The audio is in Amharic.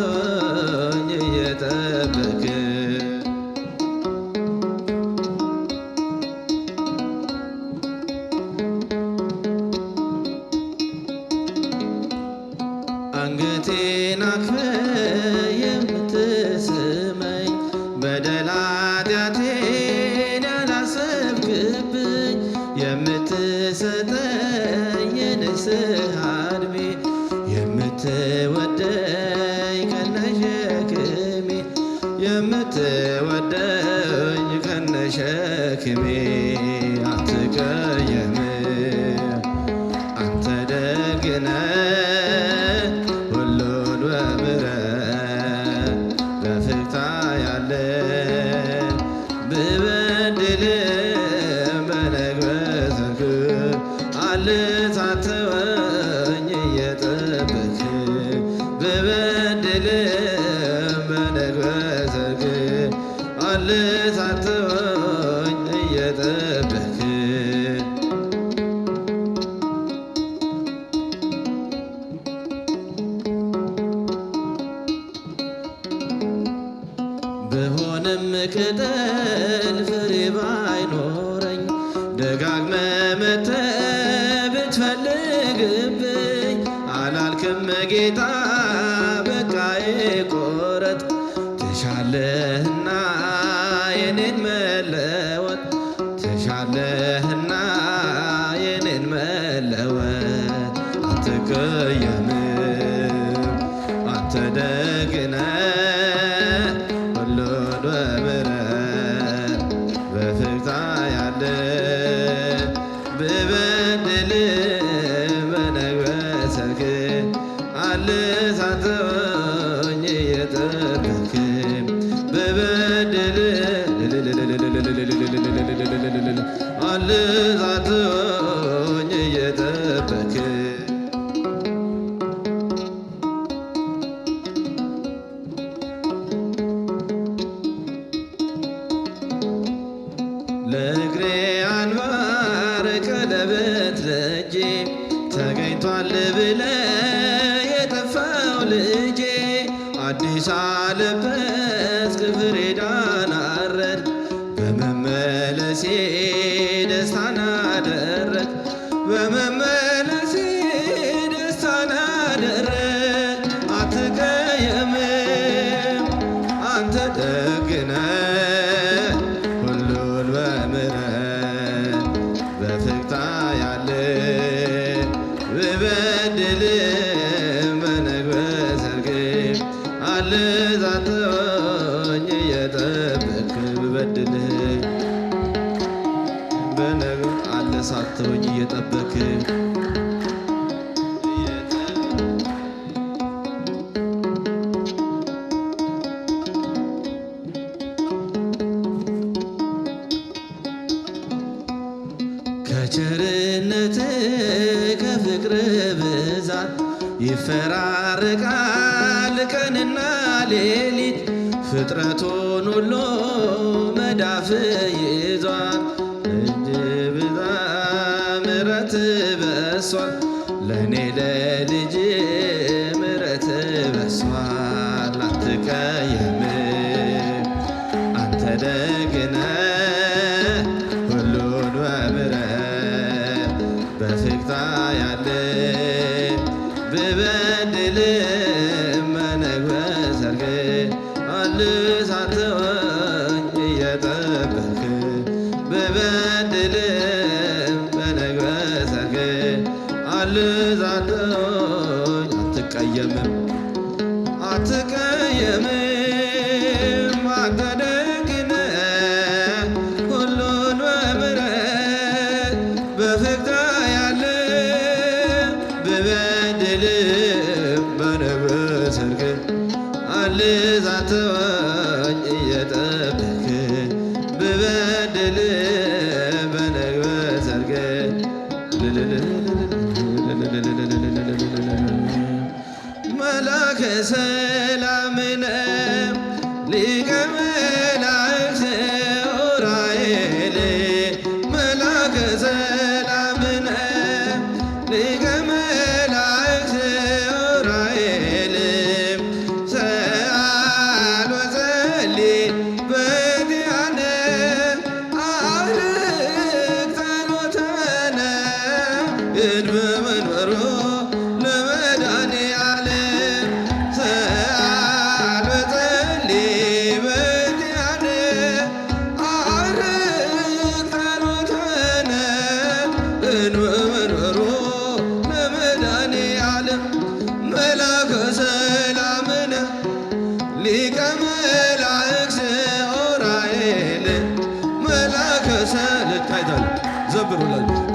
ሆኝ እየጠበክ አንገቴን አክፈ ልታተወኝ እየጠበክ በበድል በነግበዘግ አልታተወኝ እየጠበክ በሆነም ቅጠል ፍሬ ባይኖረኝ ደጋግመ መተ ጌታ በቃዬ ቆረጥ ትሻለህና የኔን መለወጥ ትሻለህና አልዛትኝ እየጠበክ ለእግሬ አንባር ቀለበት ለእጄ ተገኝቷል ብለ የጠፋው ልጄ አዲስ አለበት ክፍሬ ዳና ከቸርነት ከፍቅር ብዛት ይፈራረቃል ቀንና ሌሊት ፍጥረቱን ሁሉ መዳፍ ይዟል። ምረት በሷ ለእኔ ለልጅ ምረት በሷ አትቀየም አንተ ደግነ ሁሉን በፍቅታ ያለ ብበድል እየጠበክ ብበድል አልዛለኝ አትቀየምም አትቀየምም liggen. 박수로 불러주세요.